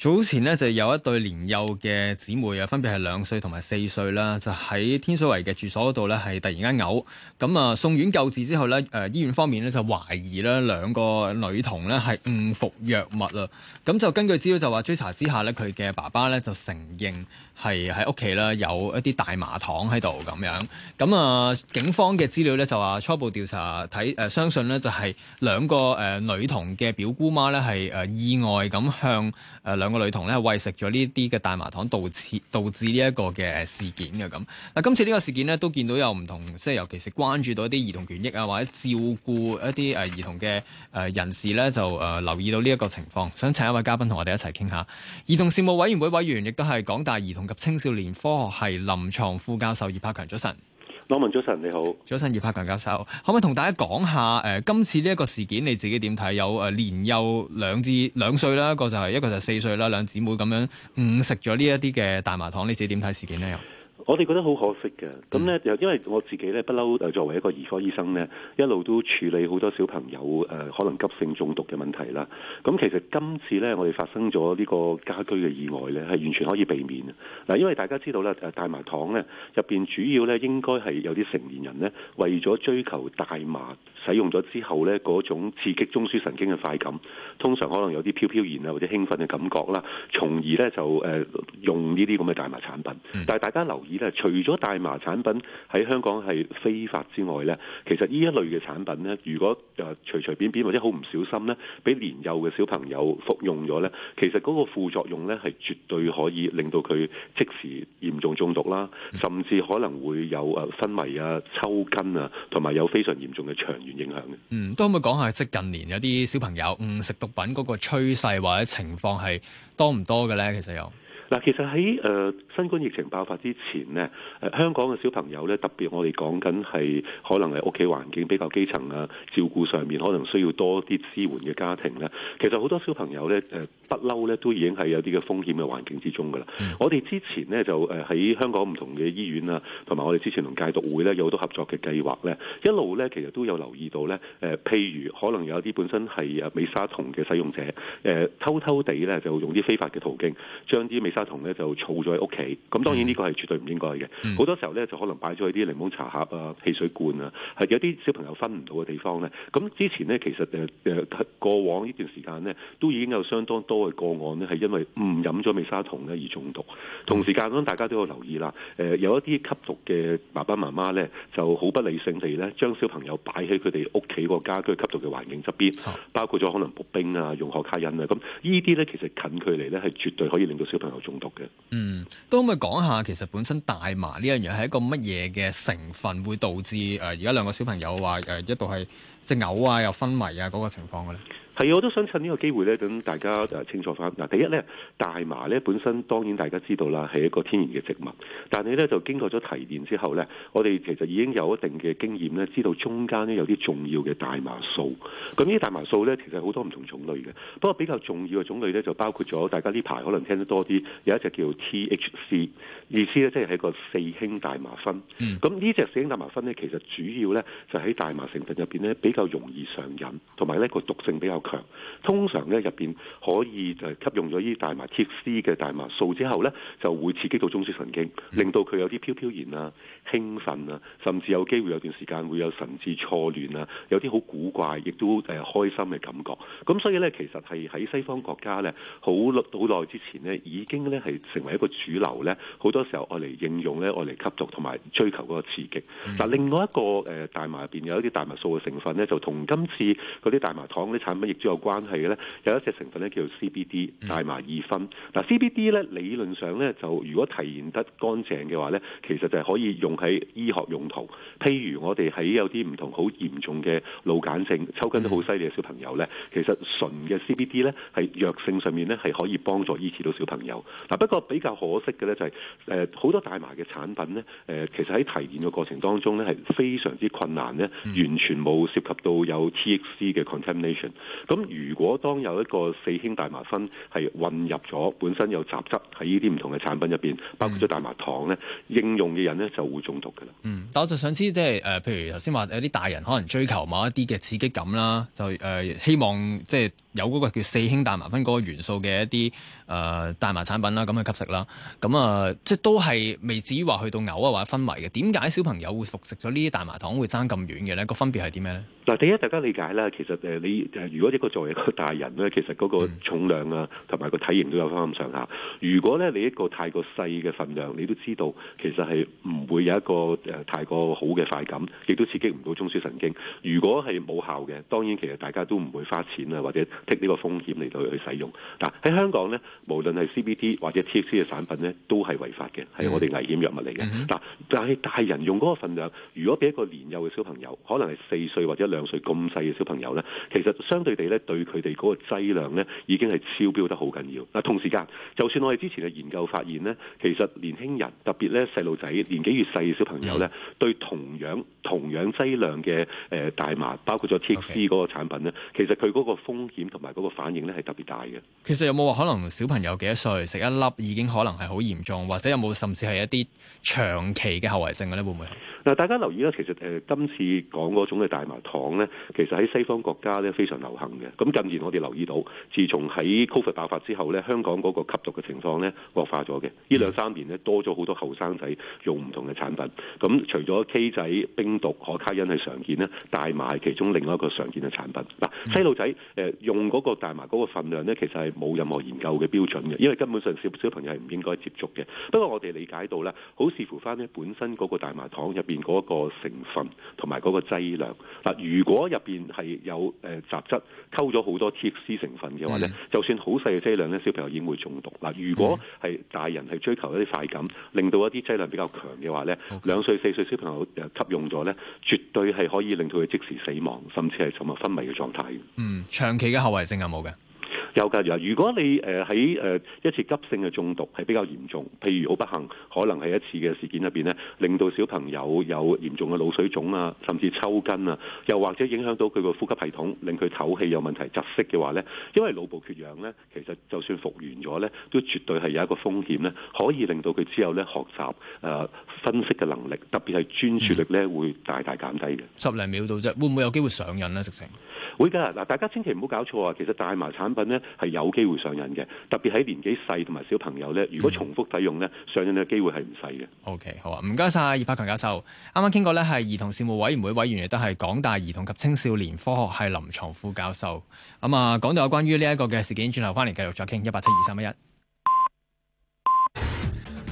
早前呢，就有一對年幼嘅姊妹啊，分別係兩歲同埋四歲啦，就喺天水圍嘅住所嗰度咧，係突然間嘔，咁啊，送院救治之後咧，誒醫院方面咧就懷疑咧兩個女童咧係誤服藥物啦，咁就根據資料就話追查之下咧，佢嘅爸爸咧就承認係喺屋企咧有一啲大麻糖喺度咁樣，咁啊，警方嘅資料咧就話初步調查睇誒相信咧就係兩個誒女童嘅表姑媽咧係誒意外咁向誒兩。兩個女童咧喂食咗呢啲嘅大麻糖，導致導致呢一個嘅事件嘅咁。嗱，今次呢個事件呢，都見到有唔同，即係尤其是關注到一啲兒童權益啊，或者照顧一啲誒兒童嘅人士呢，就誒留意到呢一個情況。想請一位嘉賓同我哋一齊傾下兒童事務委員會委員，亦都係港大兒童及青少年科學系臨床副教授葉柏強早晨。主持人羅文早晨你好，早晨葉柏強教授，可唔可以同大家講下誒、呃，今次呢一個事件你自己點睇？有誒年幼兩至兩歲啦，一個就係、是、一個就係四歲啦，兩姊妹咁樣誤食咗呢一啲嘅大麻糖，你自己點睇事件咧又？我哋覺得好可惜嘅，咁呢，因為我自己呢，不嬲，作為一個兒科醫生呢，一路都處理好多小朋友可能急性中毒嘅問題啦。咁其實今次呢，我哋發生咗呢個家居嘅意外呢，係完全可以避免嘅。嗱，因為大家知道啦，大麻糖呢入面主要呢，應該係有啲成年人呢，為咗追求大麻使用咗之後呢嗰種刺激中樞神經嘅快感，通常可能有啲飄飄然啊或者興奮嘅感覺啦，從而呢就用呢啲咁嘅大麻產品。但係大家留意。除咗大麻產品喺香港係非法之外呢，其實呢一類嘅產品呢，如果誒隨隨便便或者好唔小心呢，俾年幼嘅小朋友服用咗呢，其實嗰個副作用呢係絕對可以令到佢即時嚴重中毒啦，甚至可能會有誒昏迷啊、抽筋啊，同埋有非常嚴重嘅長遠影響嘅。嗯，都可唔可以講下即近年有啲小朋友誤、嗯、食毒品嗰個趨勢或者情況係多唔多嘅呢？其實有。嗱，其實喺誒新冠疫情爆發之前咧，誒香港嘅小朋友咧，特別我哋講緊係可能係屋企環境比較基層啊，照顧上面可能需要多啲支援嘅家庭咧。其實好多小朋友咧，誒不嬲咧都已經係有啲嘅風險嘅環境之中㗎啦。嗯。我哋之前呢就誒喺香港唔同嘅醫院啊，同埋我哋之前同戒毒會呢有好多合作嘅計劃咧，一路呢其實都有留意到呢，誒譬如可能有啲本身係誒美沙酮嘅使用者，誒偷偷地呢就用啲非法嘅途徑將啲美沙咧就儲咗喺屋企，咁當然呢個係絕對唔應該嘅。好多時候咧就可能擺咗喺啲檸檬茶盒啊、汽水罐啊，係有啲小朋友分唔到嘅地方咧。咁之前咧其實誒過往呢段時間咧，都已經有相當多嘅個案咧係因為誤飲咗美沙酮咧而中毒。同時間咧大家都要留意啦，有一啲吸毒嘅爸爸媽媽咧就好不理性地咧將小朋友擺喺佢哋屋企個家居吸毒嘅環境側邊，包括咗可能薄冰啊、用學卡因啊，咁呢啲咧其實近距離咧係絕對可以令到小朋友中毒嘅，嗯，都可唔可以講下其實本身大麻呢樣嘢係一個乜嘢嘅成分會導致而家、呃、兩個小朋友話、呃、一度係隻嘔啊又昏迷啊嗰、嗰個情況嘅咧？係，我都想趁呢個機會咧，等大家清楚翻。嗱，第一咧，大麻咧本身當然大家知道啦，係一個天然嘅植物。但係咧就經過咗提煉之後咧，我哋其實已經有一定嘅經驗咧，知道中間咧有啲重要嘅大麻素。咁呢啲大麻素咧，其實好多唔同種類嘅。不過比較重要嘅種類咧，就包括咗大家呢排可能聽得多啲，有一隻叫 THC，意思咧即係係個四氫大麻酚。咁呢隻四氫大麻酚咧，其實主要咧就喺、是、大麻成分入面咧比較容易上癮，同埋咧個毒性比較高。通常咧入邊可以誒吸用咗依啲大麻鐵絲嘅大麻素之後咧，就會刺激到中樞神經，令到佢有啲飄飄然啊、興奮啊，甚至有機會有段時間會有神志錯亂啊，有啲好古怪，亦都誒開心嘅感覺。咁所以咧，其實係喺西方國家咧，好耐好耐之前呢，已經咧係成為一個主流咧，好多時候愛嚟應用咧，愛嚟吸毒同埋追求個刺激。嗱，另外一個誒大麻入邊有一啲大麻素嘅成分咧，就同今次嗰啲大麻糖啲產品亦最有關係嘅咧，有一隻成分咧，叫做 CBD 大麻二酚。嗱 CBD 咧理論上咧，就如果提煉得乾淨嘅話咧，其實就係可以用喺醫學用途。譬如我哋喺有啲唔同好嚴重嘅腦癇症抽筋都好犀利嘅小朋友咧，其實純嘅 CBD 咧係藥性上面咧係可以幫助醫治到小朋友。嗱不過比較可惜嘅咧就係誒好多大麻嘅產品咧誒其實喺提煉嘅過程當中咧係非常之困難咧，完全冇涉及到有 THC 嘅 contamination。咁如果當有一個四氫大麻酚係混入咗本身有雜質喺呢啲唔同嘅產品入邊，包括咗大麻糖咧，應用嘅人咧就會中毒㗎喇。嗯，但我就想知，即係誒，譬如頭先話有啲大人可能追求某一啲嘅刺激感啦，就誒希望即係有嗰個叫四氫大麻酚嗰個元素嘅一啲誒大麻產品啦，咁去吸食啦。咁啊，即係都係未至於話去到嘔啊或者昏迷嘅。點解小朋友會服食咗呢啲大麻糖會爭咁遠嘅咧？個分別係點咩咧？嗱，第一大家理解啦，其實誒你誒，如果一個作為一個大人咧，其實嗰個重量啊，同埋個體型都有翻咁上下。如果咧你一個太過細嘅份量，你都知道其實係唔會有一個誒、呃、太過好嘅快感，亦都刺激唔到中樞神經。如果係冇效嘅，當然其實大家都唔會花錢啊，或者剔呢個風險嚟到去使用。嗱，喺香港咧，無論係 CBD 或者 THC 嘅產品咧，都係違法嘅，係我哋危險藥物嚟嘅。嗱、嗯嗯，但係大人用嗰個份量，如果俾一個年幼嘅小朋友，可能係四歲或者兩。兩歲咁細嘅小朋友咧，其實相對地咧，對佢哋嗰個劑量咧，已經係超標得好緊要。嗱，同時間，就算我哋之前嘅研究發現咧，其實年輕人特別咧，細路仔，年紀越細嘅小朋友咧，對同樣。同樣劑量嘅誒大麻，包括咗 Tiksi 嗰個產品咧，Okay. 其實佢嗰個風險同埋嗰個反應咧，係特別大嘅。其實有冇話可能小朋友幾多歲食一粒已經可能係好嚴重，或者有冇甚至係一啲長期嘅後遺症嘅咧？會唔會？嗱，大家留意啦，其實誒今次講嗰種嘅大麻糖咧，其實喺西方國家咧，非常流行嘅。咁近年我哋留意到，自從喺 COVID 爆發之後咧，香港嗰個吸毒嘅情況咧，惡化咗嘅。呢兩三年咧，多咗好多後生仔用唔同嘅產品。咁、mm. 除咗 K 仔冰。毒可卡因係常見呢，大麻係其中另外一個常見嘅產品。嗱，細路仔誒用嗰個大麻嗰個份量呢，其實係冇任何研究嘅標準嘅，因為根本上小小朋友係唔應該接觸嘅。不過我哋理解到呢，好視乎翻呢本身嗰個大麻糖入邊嗰個成分同埋嗰個劑量。嗱，如果入邊係有誒雜質溝咗好多 THC 成分嘅話呢，mm-hmm. 就算好細嘅劑量呢，小朋友已經會中毒。嗱，如果係大人係追求一啲快感，令到一啲劑量比較強嘅話呢，okay. 兩歲四歲小朋友誒吸用咗。絕對係可以令到佢即時死亡，甚至係陷入昏迷嘅狀態。嗯，長期嘅後遺症有冇嘅？有噶，如果你誒喺誒一次急性嘅中毒係比較嚴重，譬如好不幸可能係一次嘅事件入邊咧，令到小朋友有嚴重嘅腦水腫啊，甚至抽筋啊，又或者影響到佢個呼吸系統，令佢透氣有問題，窒息嘅話咧，因為腦部缺氧咧，其實就算復原咗咧，都絕對係有一個風險咧，可以令到佢之後咧學習誒分析嘅能力，特別係專注力咧會大大減低嘅，嗯。十零秒到，啫，會唔會有機會上癮咧？直情會噶嗱，大家千祈唔好搞錯啊！其實大麻產品咧，係有機會上癮嘅，特別喺年紀細同埋小朋友咧，如果重複使用咧，上癮嘅機會係唔細嘅。OK，好啊，唔該晒葉柏強教授，啱啱傾過咧係兒童事務委員會委員，亦都係港大兒童及青少年科學系臨床副教授。咁、嗯、啊，講到有關於呢一個嘅事件，轉頭翻嚟繼續再傾，一八七二三一一。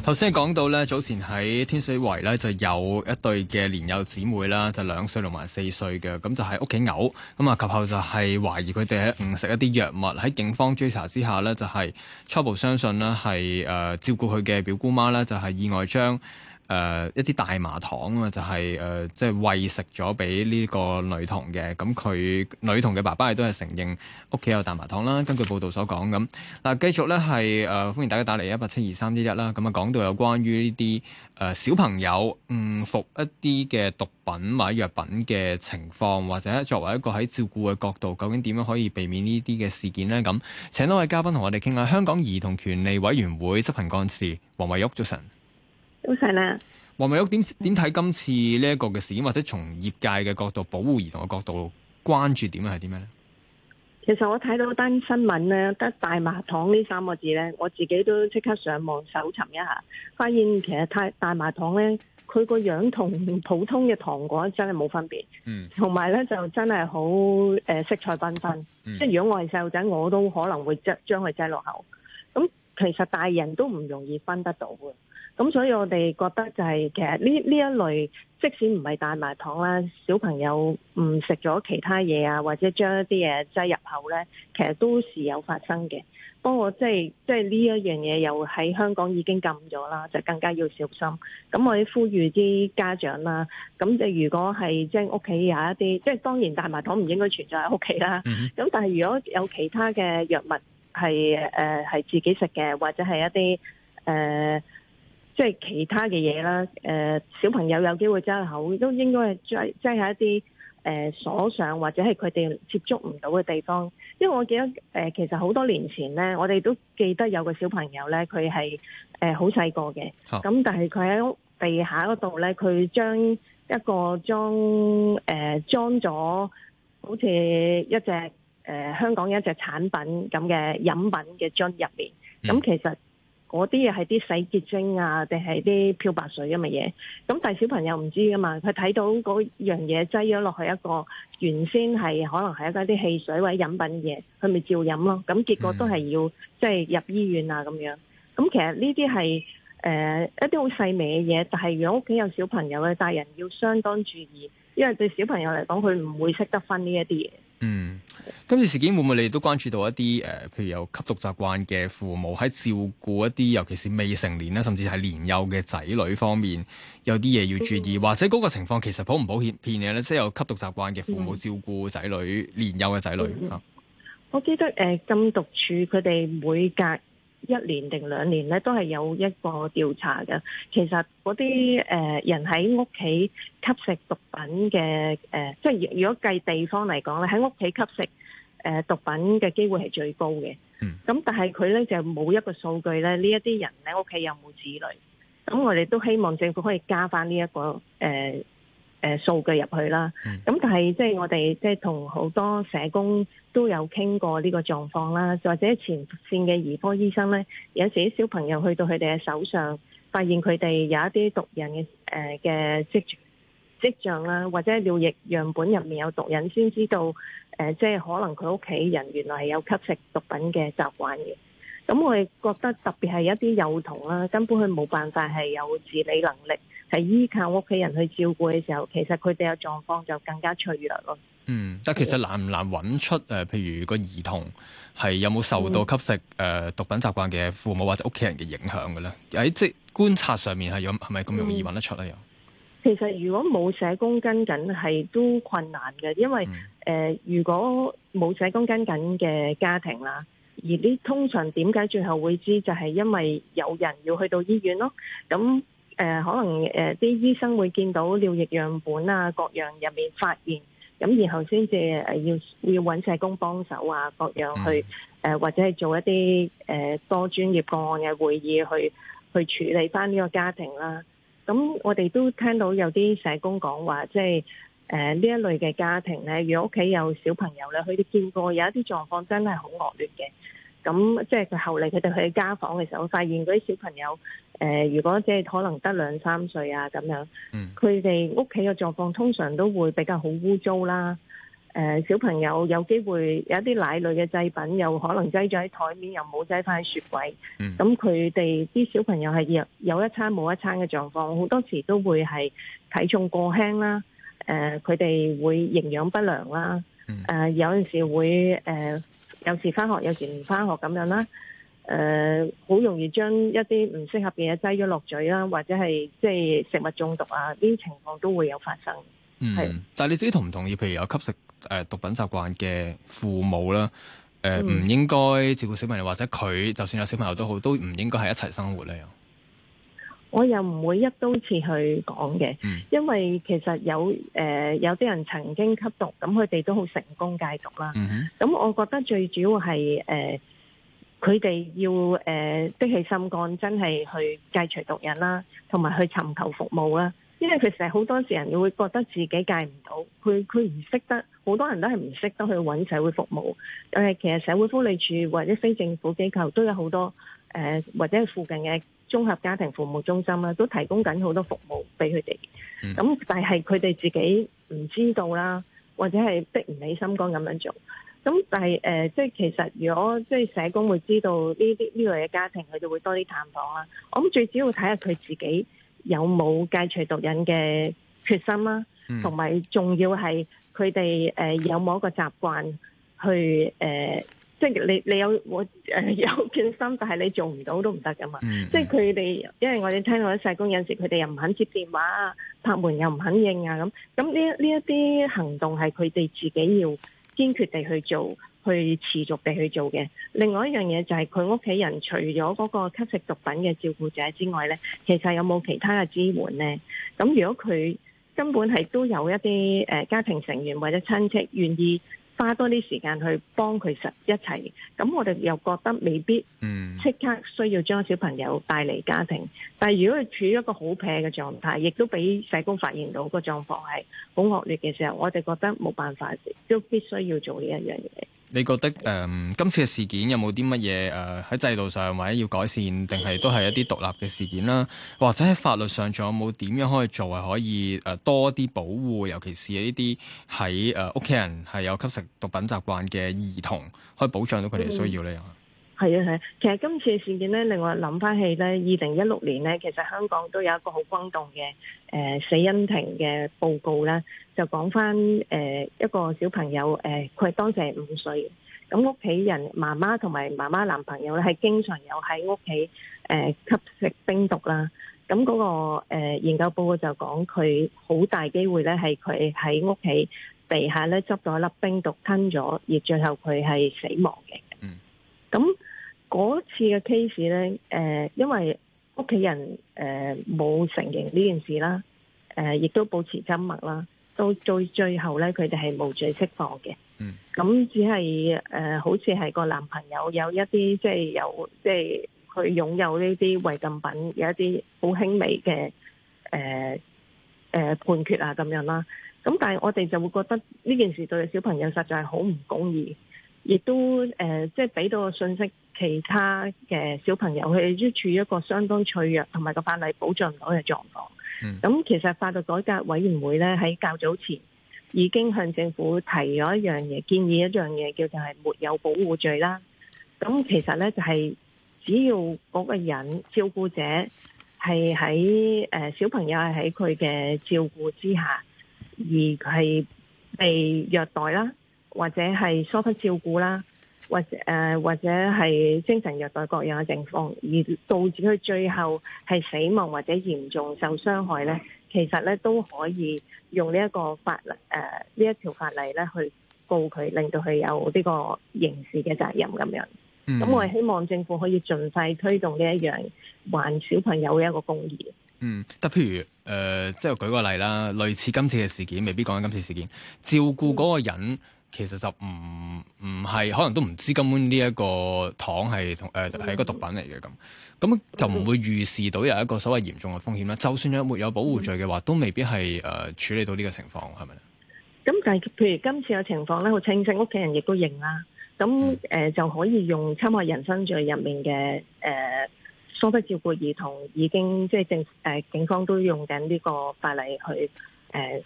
頭先講到呢早前喺天水圍呢，就有一對嘅年幼姊妹啦，就兩歲同埋四歲嘅，咁就喺屋企嘔，咁啊及後就係懷疑佢哋喺誤食一啲藥物，喺警方追查之下呢，就係、是、初步相信啦，係誒照顧佢嘅表姑媽啦，就係、是、意外將，誒、呃、一啲大麻糖啊，就係、是、誒、呃、即係餵食咗俾呢個女童嘅。咁佢女童嘅爸爸亦都係承認屋企有大麻糖啦。根據報道所講咁，嗱繼續咧係誒歡迎大家打嚟一八七二三一一啦。咁啊講到有關於呢啲誒小朋友誤服一啲嘅毒品或者藥品嘅情況，或者作為一個喺照顧嘅角度，究竟點樣可以避免呢啲嘅事件呢？咁請多一位嘉賓同我哋傾下。香港兒童權利委員會執行幹事黃惠玉早晨。Jusen 好晒啦，黃惠玉點點睇今次呢一個嘅事件，或者從業界嘅角度，保護兒童嘅角度關注點係啲咩咧？其實我睇到單新聞咧，得大麻糖呢三個字咧，我自己都即刻上網搜尋一下，發現其實太大麻糖咧，佢個樣同普通嘅糖果真係冇分別，嗯，同埋咧就真係好誒色彩繽紛，紛，即、嗯、係如果我係細路仔，我都可能會將將佢擠落口。咁其實大人都唔容易分得到嘅。咁所以我哋覺得就係其實呢呢一類，即使唔係大麻糖啦，小朋友誤食咗其他嘢啊，或者將一啲嘢擠入口呢，其實都時有發生嘅。不過即係即係呢一樣嘢又喺香港已經禁咗啦，就更加要小心。咁我哋呼籲啲家長啦，咁即係如果係即係屋企有一啲，即係當然大麻糖唔應該存在喺屋企啦。咁、嗯、但係如果有其他嘅藥物係誒係自己食嘅，或者係一啲誒、呃即係其他嘅嘢啦，誒小朋友有機會真係好，都應該係即係一啲誒、呃、鎖上或者係佢哋接觸唔到嘅地方。因為我記得誒、呃，其實好多年前咧，我哋都記得有個小朋友咧，佢係誒好細個嘅，咁、呃 oh. 但係佢喺屋地下嗰度咧，佢將一個裝誒、呃、裝咗好似一隻誒、呃、香港一隻產品咁嘅飲品嘅樽入面，咁、mm. 嗯、其實。嗰啲嘢係啲洗潔精啊，定係啲漂白水咁嘅嘢。咁但係小朋友唔知噶嘛，佢睇到嗰樣嘢擠咗落去一個原先係可能係一啲汽水或者飲品嘢，佢咪照飲咯。咁結果都係要即係、就是、入醫院啊咁樣。咁其實呢啲係誒一啲好細微嘅嘢，但係如果屋企有小朋友嘅大人要相當注意，因為對小朋友嚟講，佢唔會識得分呢一啲嘢。嗯，今次事件會唔會你都關注到一啲誒、呃，譬如有吸毒習慣嘅父母喺照顧一啲，尤其是未成年啦，甚至係年幼嘅仔女方面，有啲嘢要注意，嗯、或者嗰個情況其實普唔普遍嘅呢？即、就、係、是、有吸毒習慣嘅父母照顧仔女、嗯、年幼嘅仔女我記得仔女。我記得誒，禁、呃、毒處佢哋每隔一年定兩年咧，都係有一個調查嘅。其實嗰啲誒人喺屋企吸食毒品嘅誒、呃，即係如果計地方嚟講咧，喺屋企吸食誒、呃、毒品嘅機會係最高嘅。嗯。咁但係佢咧就冇一個數據咧，呢一啲人咧屋企有冇子女？咁我哋都希望政府可以加翻呢一個誒。呃誒數據入去啦，咁但係即係我哋即係同好多社工都有傾過呢個狀況啦，或者前線嘅兒科醫生咧，有時啲小朋友去到佢哋嘅手上，發現佢哋有一啲毒癮嘅誒嘅跡跡象啦，或者尿液樣本入面有毒癮，先知道誒、呃，即係可能佢屋企人原來係有吸食毒品嘅習慣嘅。咁我哋覺得特別係一啲幼童啦，根本佢冇辦法係有自理能力。係依靠屋企人去照顧嘅時候，其實佢哋嘅狀況就更加脆弱咯。嗯，但係其實難唔難揾出誒、呃，譬如個兒童係有冇受到吸食誒、嗯呃、毒品習慣嘅父母或者屋企人嘅影響嘅咧？喺即係觀察上面係有係咪咁容易揾得出咧？又、嗯、其實如果冇社工跟緊係都困難嘅，因為誒、嗯呃，如果冇社工跟緊嘅家庭啦，而呢通常點解最後會知道就係、是、因為有人要去到醫院咯，咁。誒、呃，可能誒，啲、呃、醫生會見到尿液樣本啊，各樣入面發現，咁然後先至誒，要要揾社工幫手啊，各樣去誒、呃，或者係做一啲誒、呃、多專業個案嘅會議去去處理翻呢個家庭啦。咁我哋都聽到有啲社工講話，即係誒呢一類嘅家庭咧，如果屋企有小朋友咧，佢哋見過有一啲狀況真係好惡劣嘅。咁即係佢後嚟佢哋去家訪嘅時候，發現嗰啲小朋友，呃、如果即係可能得兩三歲啊咁樣，佢哋屋企嘅狀況通常都會比較好污糟啦、呃。小朋友有機會有一啲奶類嘅製品又可能擠咗喺台面，又冇擠返喺雪櫃。咁佢哋啲小朋友係有一餐冇一餐嘅狀況，好多時都會係體重過輕啦。呃、佢哋會營養不良啦。嗯呃、有時會、呃有時翻學，有時唔翻學咁樣啦。誒、呃，好容易將一啲唔適合嘅嘢擠咗落嘴啦，或者係即係食物中毒啊，呢啲情況都會有發生。嗯，係。但係你自己同唔同意？譬如有吸食誒毒品習慣嘅父母啦，誒、呃，唔、嗯、應該照顧小朋友，或者佢就算有小朋友都好，都唔應該係一齊生活咧。我又唔會一刀切去講嘅、嗯，因為其實有誒、呃、有啲人曾經吸毒，咁佢哋都好成功戒毒啦。咁、嗯、我覺得最主要係誒佢哋要誒的起心肝，真係去戒除毒癮啦，同埋去尋求服務啦。因為其實好多時人會覺得自己戒唔到，佢佢唔識得，好多人都係唔識得去揾社會服務。誒、呃、其實社會福利署或者非政府機構都有好多誒、呃、或者係附近嘅綜合家庭服務中心啦，都提供緊好多服務俾佢哋。咁、嗯、但係佢哋自己唔知道啦，或者係逼唔起心肝咁樣做。咁但係誒，即、呃、係其實如果即係社工會知道呢啲呢類嘅家庭，佢就會多啲探訪啦。我諗最主要睇下佢自己有冇戒除毒癮嘅決心啦，同埋仲要係佢哋誒有冇一個習慣去誒。呃即係你你有我誒、呃、有決心，但係你做唔到都唔得噶嘛。Mm-hmm. 即係佢哋，因為我哋聽到啲社工有時佢哋又唔肯接電話啊，拍門又唔肯應啊咁。咁呢一呢一啲行動係佢哋自己要堅決地去做，去持續地去做嘅。另外一樣嘢就係佢屋企人，除咗嗰個吸食毒品嘅照顧者之外咧，其實有冇其他嘅支援咧？咁如果佢根本係都有一啲誒、呃、家庭成員或者親戚願意。花多啲時間去幫佢實一齊，咁我哋又覺得未必，嗯，即刻需要將小朋友帶離家庭。但如果佢處於一個好撇嘅狀態，亦都俾社工發現到個狀況係好惡劣嘅時候，我哋覺得冇辦法，都必須要做呢一樣嘢。你覺得誒、嗯、今次嘅事件有冇啲乜嘢誒喺制度上或者要改善，定係都係一啲獨立嘅事件啦？或者喺法律上仲有冇點樣可以做係可以誒、呃、多啲保護，尤其是呢啲喺誒屋企人係有吸食毒品習慣嘅兒童，可以保障到佢哋嘅需要咧？嗯係啊係啊，其實今次嘅事件咧，令我諗翻起咧，二零一六年咧，其實香港都有一個好轟動嘅誒、呃、死因庭嘅報告咧，就講翻誒一個小朋友誒，佢、呃、當時係五歲，咁屋企人媽媽同埋媽媽男朋友咧，係經常有喺屋企誒吸食冰毒啦。咁嗰、嗰個誒、呃、研究報告就講佢好大機會咧，係佢喺屋企地下咧執到一粒冰毒吞咗，而最後佢係死亡嘅。嗯，咁。嗰次嘅 case 咧，誒，因為屋企人誒冇承認呢件事啦，誒，亦都保持沉默啦。到最最後咧，佢哋係無罪釋放嘅。嗯，咁只係誒、呃，好似係個男朋友有一啲，即係有，即係佢擁有呢啲違禁品，有一啲好輕微嘅，誒、呃，誒、呃、判決啊咁樣啦。咁但係我哋就會覺得呢件事對小朋友實在係好唔公義，亦都誒、呃，即係俾到個信息。其他嘅小朋友，佢亦都處於一個相當脆弱同埋個法例保障唔到嘅狀況。咁、嗯、其實法律改革委員會咧喺較早前已經向政府提咗一樣嘢，建議一樣嘢叫做係沒有保護罪啦。咁其實咧就係只要嗰個人照顧者係喺誒，小朋友係喺佢嘅照顧之下，而佢係被虐待啦，或者係疏忽照顧啦。或者誒，或者係精神虐待各樣嘅情況，而導致佢最後係死亡或者嚴重受傷害咧，其實咧都可以用呢一個法例誒，呢、呃、一條法例咧去告佢，令到佢有呢個刑事嘅責任咁樣。咁、嗯、我哋希望政府可以盡快推動呢一樣還小朋友嘅一個公義。嗯，得譬如誒，即、呃、係舉個例啦，類似今次嘅事件，未必講緊今次事件，照顧嗰個人。嗯其實就唔唔係，可能都唔知道根本呢一個糖係同誒係一個毒品嚟嘅。咁，咁就唔會預視到有一個所謂嚴重嘅風險啦。就算有沒有保護罪嘅話，都未必係誒、呃、處理到呢個情況，係咪咧？咁但係，譬如今次嘅情況咧，好清晰，屋企人亦都認啦。咁誒、嗯呃、就可以用侵害人身罪入面嘅誒疏忽照顧兒童，已經即係政誒警方都用緊呢個法例去誒。呃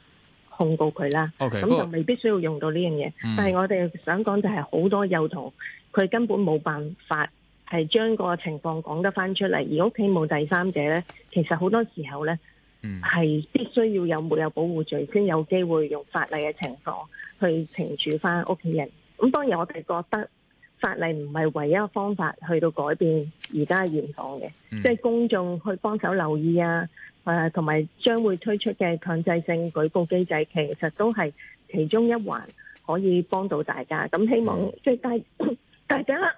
控告佢啦，咁、okay，就未必需要用到呢樣嘢。但係我哋想講就係好多幼童，佢根本冇辦法係將個情況講得翻出嚟，而屋企冇第三者咧，其實好多時候咧係必須要有沒有保護罪，先、嗯、有機會用法例嘅情況去懲處翻屋企人。咁當然我哋覺得法例唔係唯一嘅方法，去到改變而家現狀嘅，即、嗯、係、就是、公眾去幫手留意啊。誒，同埋將會推出嘅強制性舉報機制，其實都係其中一環，可以幫到大家。咁希望即係大大家啦。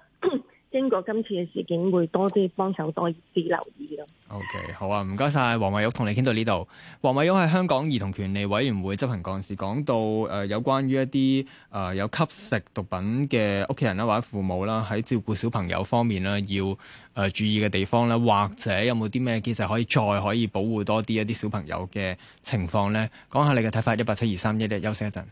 經過今次嘅事件，會多啲幫手，多啲留意咯。OK，好啊，唔該晒。黃惠玉同你傾到呢度。黃惠玉係香港兒童權利委員會執行幹事，講到誒、呃、有關於一啲誒、呃、有吸食毒品嘅屋企人啦，或者父母啦，喺照顧小朋友方面啦，要誒、呃、注意嘅地方啦，或者有冇啲咩機制可以再可以保護多啲一啲小朋友嘅情況呢？講下你嘅睇法。一八七二三，一，休息一陣。